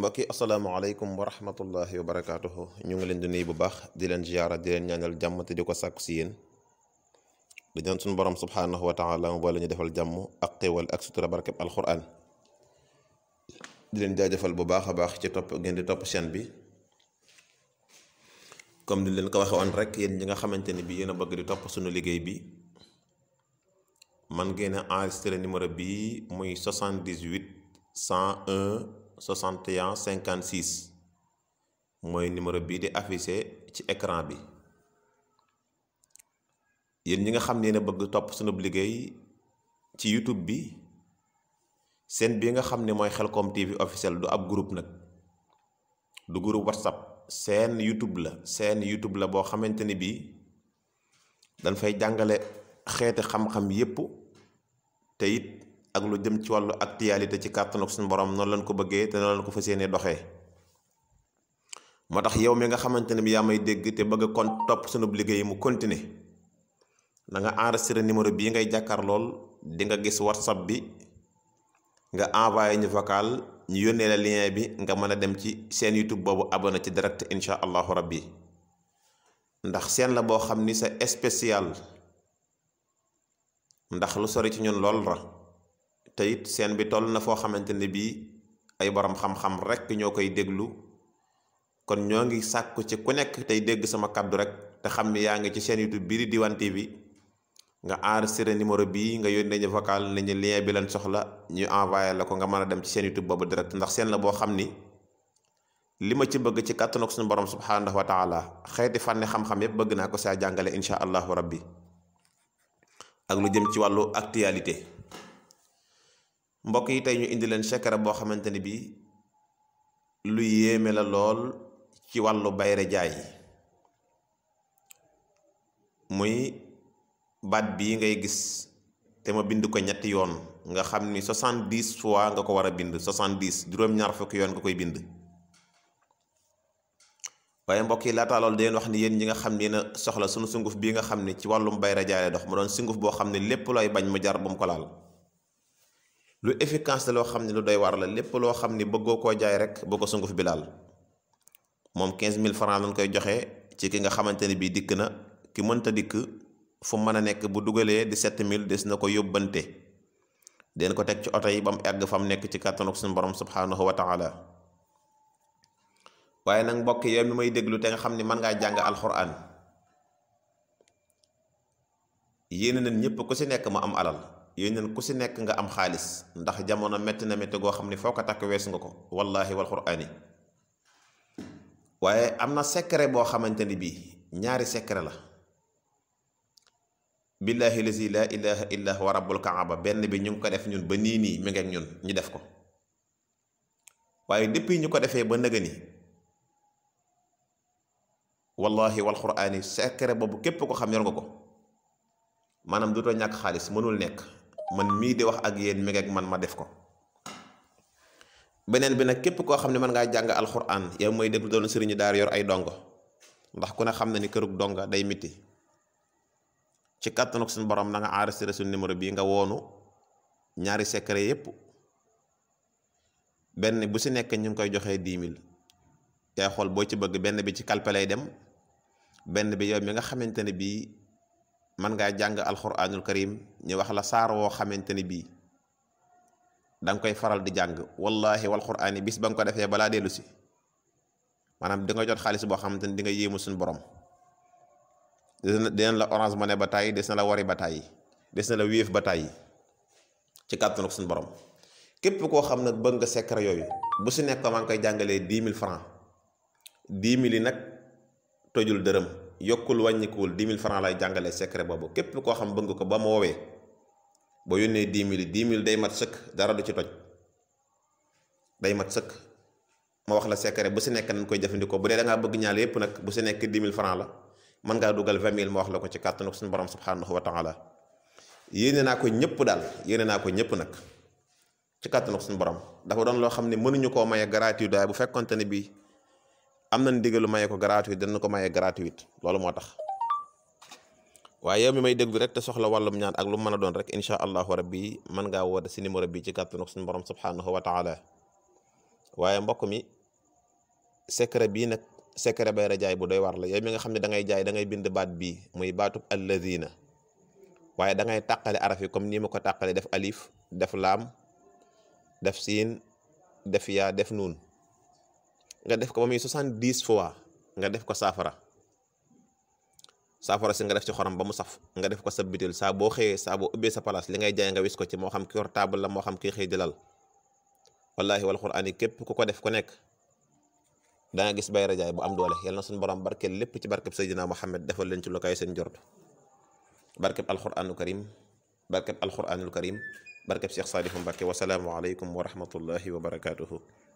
mbokk yi asalaamaaleykum wa rahmatullahi wa barakaatuhu ñu ngi leen di nuyu bu baax di leen ziyaara di leen ñaanal jàmm te di ko sàkku si yéen di ñaan suñu borom subhaanahu wa taala mu boole ñu defal jàmm ak xéewal ak sutura barkeb alquran di leen jaajëfal bu baax a baax ci topp ngeen di topp seen bi comme ni leen ko waxe woon rek yéen ñi nga xamante ni bi yéen a bëgg di topp suñu liggéey bi man ngeen a enregistré numéro bii muy 78 101 61 56 mooy numéro bii di affiché ci écran bi yéen ñi nga xam ne ne bëgg topp sunu liggéey ci YouTube bi seen bii nga xam ne mooy Khelcom TV officiel du ab groupe nag du groupe WhatsApp seen YouTube la seen YouTube la boo xamante ni bii dañ fay jàngale xeeti xam-xam yépp te ak lu jëm ci wàllu actualité ci kàttanu suñu borom noonu lañ ko bëggee te noonu lañ ko fa yéenee doxee moo tax yow mi nga xamante ne bi yaa may dégg te bëgg kon topp suñu liggéey mu continuer na nga enregistré numéro bii ngay jàkkaar lool di nga gis whatsapp bi nga envoyé ñu vocal ñu yónnee la lien bi nga mën a dem ci seen youtube boobu abonné ci direct incha allahu rabbi ndax seen la boo xam ni sa spécial ndax lu sori ci ñun lool ra te it seen bi toll na foo xamante ne bii ay borom xam-xam rek ñoo koy déglu kon ñoo ngi sàkku ci ku nekk tey dégg sama kàddu rek te xam ni yaa ngi ci seen YouTube bii di Diwane TV nga enregistré numéro bii nga yónnee ñu vocal ne ñu lien bi leen soxla ñu envoyé la ko nga mën a dem ci chaîne YouTube boobu direct ndax seen la boo xam ni li ma ci bëgg ci kàttanu ak suñu borom subhaanahu wa taala xeeti fànni xam-xam yépp bëgg naa ko saa jàngale incha allahu rabbi ak lu jëm ci wàllu actualité. mbokk yi tey ñu indi leen chakara boo xamante ni bi lu yéeme la lool ci wàllu bayre jaay muy baat bii ngay gis te ma bind ko ñetti yoon nga xam ni soixante-dix fois nga ko war a bind soixante-dix juróom-ñaar fukki yoon nga koy bind waaye mbokk yi laataa loolu dañuy wax ni yéen ñi nga xam ne yéen soxla sunu sunguf bii nga xam ni ci wàllum bayre jaay lay dox mu doon sunguf boo xam ne lépp looy bañ mu jar bu mu ko laal lu efficace la loo xam ne lu doy waar la lépp loo xam ni bëggoo koo jaay rek boo ko sunguf bi laal moom 15000 francs lañ koy joxe ci ki nga xamante ne bii dikk na ki mënta dikk fu mën a nekk bu dugalee 17000 des na ko yóbbante den ko teg ci oto yi ba mu egg fa mu nekk ci kàttanuk seen borom subhanahu wa taala waaye nag mbokk yow lu may déglu te nga xam ni mën ngaa jàng alxuraan yéen nañ ñëpp ku si nekk ma am alal. yooyu neen ku si nekk nga am xaalis ndax jamono metti na metti goo xam ne foo ko takk weesu nga ko wallaahi wal qur'aani waaye am na secret boo xamante ni bii ñaari secret la billaahi lazi laa ilaha illa huwa rabbul kaaba benn bi ñu ngi ko def ñun ba nii nii mi ngi ak ñun ñu def ko waaye depuis ñu ko defee ba nëga ni wallaahi wal qur'aani secret boobu képp ko xam yor nga ko maanaam duto ñàkk xaalis mënul nekk man mii di wax ak yéen mi man ma def ko beneen bi nag képp koo xam ne mën ngaa jàng alxuraan yow mooy déglu doon sëriñu daar yor ay dongo ndax ku ne xam na ni kërug donga day miti ci kàttanuk suñu borom na nga enregistré suñu numéro bii nga woonu ñaari secret yépp benn bu si nekk ñu ngi koy joxee dix mille yaay xool boo ci bëgg benn bi ci kalpe dem benn bi yow mi nga xamante ne bii man ngaa jàng alxuraanul karim ñu wax la saar woo xamante ni bii danga koy faral di jàng wallahi wal quraani bis ba nga ko defee balaa dellu si maanaam di nga jot xaalis boo xamante ni di nga yéemu suñu borom dinañ la orange ne ba tàyyi des na la wari ba tàyyi des na la wéef ba tàyyi ci kàttanu suñu borom képp koo xam ne bëgg nga secret yooyu bu si nekk maa ngi koy jàngalee dix mille francs dix mille yi nag tojul dërëm. yokkul wàññikuwul dix mille francs lay jàngale secret boobu képp koo xam bëgg ko ba ma woowee boo yónnee dix mille dix mille day mat sëkk dara du ci toj day mat sëkk ma wax la secret bu si nekk nañ koy jëfandikoo bu dee da bëgg ñaar yépp nag bu si nekk dix mille francs la mën ngaa dugal ma wax la ko ci kàttanu suñu borom subhanahu wa taala yéene naa ko ñëpp daal yéene naa ko ñëpp nag ci kàttanu suñu borom dafa doon loo xam ne mënuñu koo maye gratuit daay bu fekkonte ne bii am na ndigalu maye ko gratuit dana ko maye gratuit loolu moo tax waaye yow mi may déglu rek te soxla wàllum ñaan ak lu mën a doon rek incha allahu rabbi mën ngaa woote si numéro bi ci kàttanu suñu borom subhanahu wa taala waaye mbokk mi secret bii nag secret bay rajaay bu doy war la yow mi nga xam ne dangay jaay da ngay bind baat bii muy baatub alladina waaye da ngay tàqale araf yi comme nii ma ko tàqale def alif def laam def siin def yaa def nga def ko ba muy soixante-dix fois nga def ko saafara saafara si nga def ci xorom ba mu saf nga def ko sa bitil saa boo xëyee saa boo sa place li ngay jaay nga wis ko ci moo xam ki yor taabal moo xam kii xëy di lal wallaahi wal quraan képp ku ko def ko nekk da nga gis bayra jaay bu am doole yal na suñu borom barke lépp ci barkeb Seydina Muhammad defal leen ci lu seen jort barkeb alquraanul karim barkeb alquraanul karim barkeb Cheikh Saalihu Mbacke wasalaamu aleykum wa rahmatullahi wa